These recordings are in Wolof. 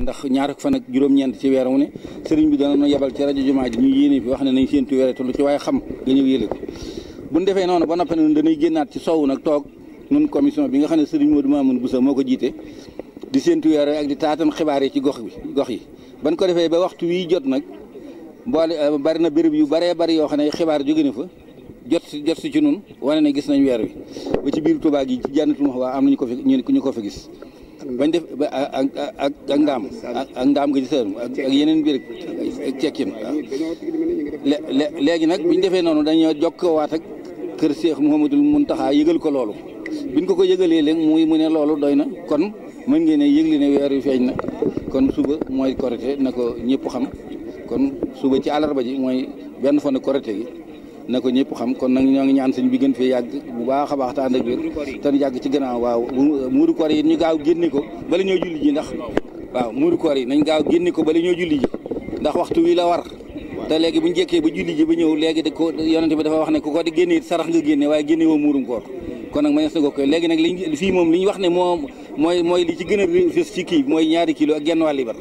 ndax ñaar fan ak juróom-ñeent ci weer wu ne sëriñ bi dana nu yebal ci rajo jumaa ji ñu yéene fi wax ne nañ séentu weer te lu ko bu ñu bi nga xam ne sëriñ Modou Mamoun Boussa moo ko jiite di séentu weer ak di taatan xibaar yi ci gox bi gox yi ban ko defee ba waxtu wii jot nag boole euh, bari na béréb yu baree bari yoo xam ne xibaar jóge na fa jot si jot ci nun wane ne gis nañ weer wi ba ci biir Touba gi ci jànnatul Mahwa am nañu ko fi ñu ko fa gis bañ def ba ak ak ak ndaam ak ndaam nga ci sër ak yeneen biir ak cekkin léegi nag biñ defee noonu dañoo jokkoo waat ak kër Cheikh Mouhamadul Mountakha yëgal ko loolu biñ ko ko yëgalee léegi mu mu ne loolu doy na kon mën ngeen ne yëgli ne weer feeñ na kon suba mooy korité na ko ñëpp xam kon suba ci àllarba ji mooy benn fan korité gi na ko ñëpp xam kon nag ñoo ngi ñaan sëñ bi gën fee yàgg bu baax a baax te ànd ak te ñu yàgg ci gannaaw waaw muuru koor yi ñu gaaw génne ko bala ñoo julli ji ndax waaw muuru koor yi nañ gaaw génne bala ñoo julli ji ndax waxtu wi la war te léegi bu ñu ba julli ji ba ñëw léegi de ko yonente bi dafa wax ne ku ko di génne sarax nga génne waaye génne woo muurum koor kon nag manees na ko koy léegi nag liñ fii moom li ñu wax ne moom mooy mooy li ci gën a fës ci kii mooy ñaari kilo ak genn wàlli bar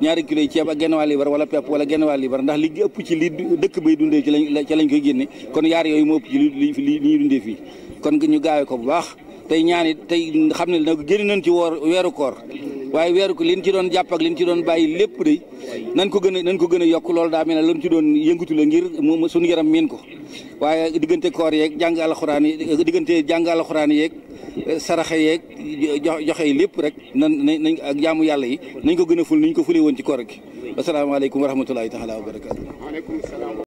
ñaari kilo ceeb ak genn waa liibar wala pepp wala genn waa liibar ndax li ëpp ci li dëkk bay dundee ci lañ ci lañ koy génne kon yaar yooyu moo ëpp ci li li ñuy dundee fii kon ñu gaawee ko bu baax tey ñaan it tey xam ne nag génn nañ ci woor weeru koor waaye weeru ko liñ ci doon jàppak ak liñ ci doon bàyyi lépp de nañ ko gën a nañ ko gën a yokk loolu daa mel ne lañ ci doon yëngatu la ngir mu suñu yaram miin ko waaye diggante koor yeeg jàng alxuraan yi diggante jàng alxuraan yeeg eh, saraxa yeeg joxe yi lépp rek nan nañ ak jaamu yàlla yi nañ ko gën a ful ni ñu ko fulee woon ci koor gi asalaamaaleykum wa rahmatulahi taala wa barakatu